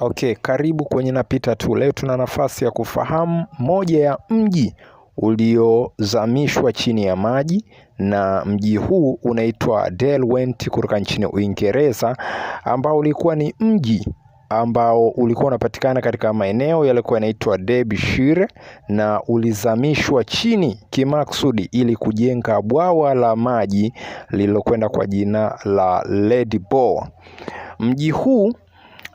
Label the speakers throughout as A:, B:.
A: Okay, karibu kwenye napita tu. Leo tuna nafasi ya kufahamu moja ya mji uliozamishwa chini ya maji, na mji huu unaitwa Derwent kutoka nchini Uingereza, ambao ulikuwa ni mji ambao ulikuwa unapatikana katika maeneo yalikuwa yanaitwa Derbyshire na ulizamishwa chini kimaksudi ili kujenga bwawa la maji lililokwenda kwa jina la Lady Mji huu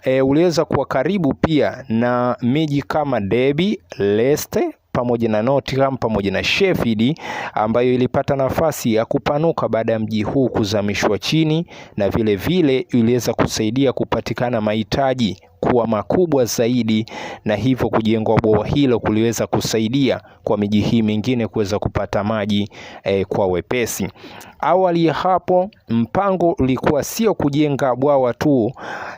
A: e, uliweza kuwa karibu pia na miji kama Derby, Leicester pamoja na Nottingham pamoja na Sheffield ambayo ilipata nafasi ya kupanuka baada ya mji huu kuzamishwa chini, na vile vile iliweza kusaidia kupatikana mahitaji kuwa makubwa zaidi, na hivyo kujengwa bwawa hilo kuliweza kusaidia kwa miji hii mingine kuweza kupata maji eh, kwa wepesi. Awali ya hapo mpango ulikuwa sio kujenga bwawa tu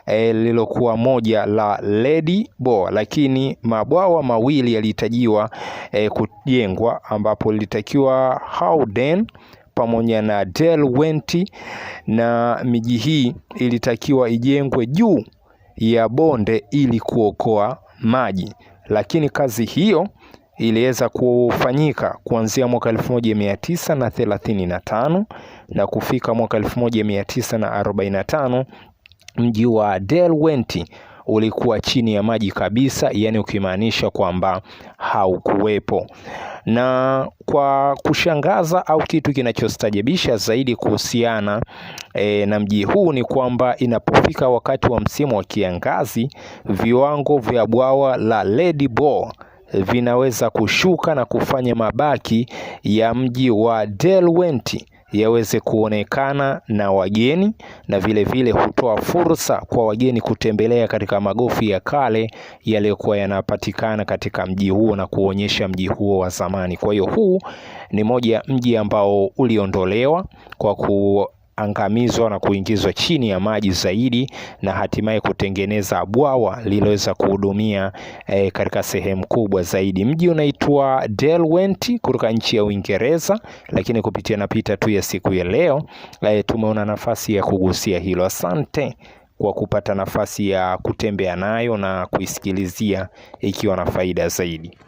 A: eh, lililokuwa eh, moja la Ledi Boa, lakini mabwawa mawili yalihitajiwa eh, kujengwa ambapo lilitakiwa Howden pamoja na Derwent na miji hii ilitakiwa ijengwe juu ya bonde ili kuokoa maji, lakini kazi hiyo iliweza kufanyika kuanzia mwaka 1935 na kufika mwaka 1945 mji wa Derwenti ulikuwa chini ya maji kabisa, yani ukimaanisha kwamba haukuwepo. Na kwa kushangaza au kitu kinachostajabisha zaidi kuhusiana e, na mji huu ni kwamba inapofika wakati wa msimu wa kiangazi, viwango vya bwawa la Lady Bore vinaweza kushuka na kufanya mabaki ya mji wa Derwent yaweze kuonekana na wageni, na vile vile hutoa fursa kwa wageni kutembelea katika magofu ya kale yaliyokuwa yanapatikana katika mji huo na kuonyesha mji huo wa zamani. Kwa hiyo huu ni moja mji ambao uliondolewa kwa ku angamizwa na kuingizwa chini ya maji zaidi na hatimaye kutengeneza bwawa lililoweza kuhudumia e, katika sehemu kubwa zaidi. Mji unaitwa Derwent kutoka nchi ya Uingereza, lakini kupitia napita tu ya siku ya leo e, tumeona nafasi ya kugusia hilo. Asante kwa kupata nafasi ya kutembea nayo na kuisikilizia ikiwa na faida zaidi.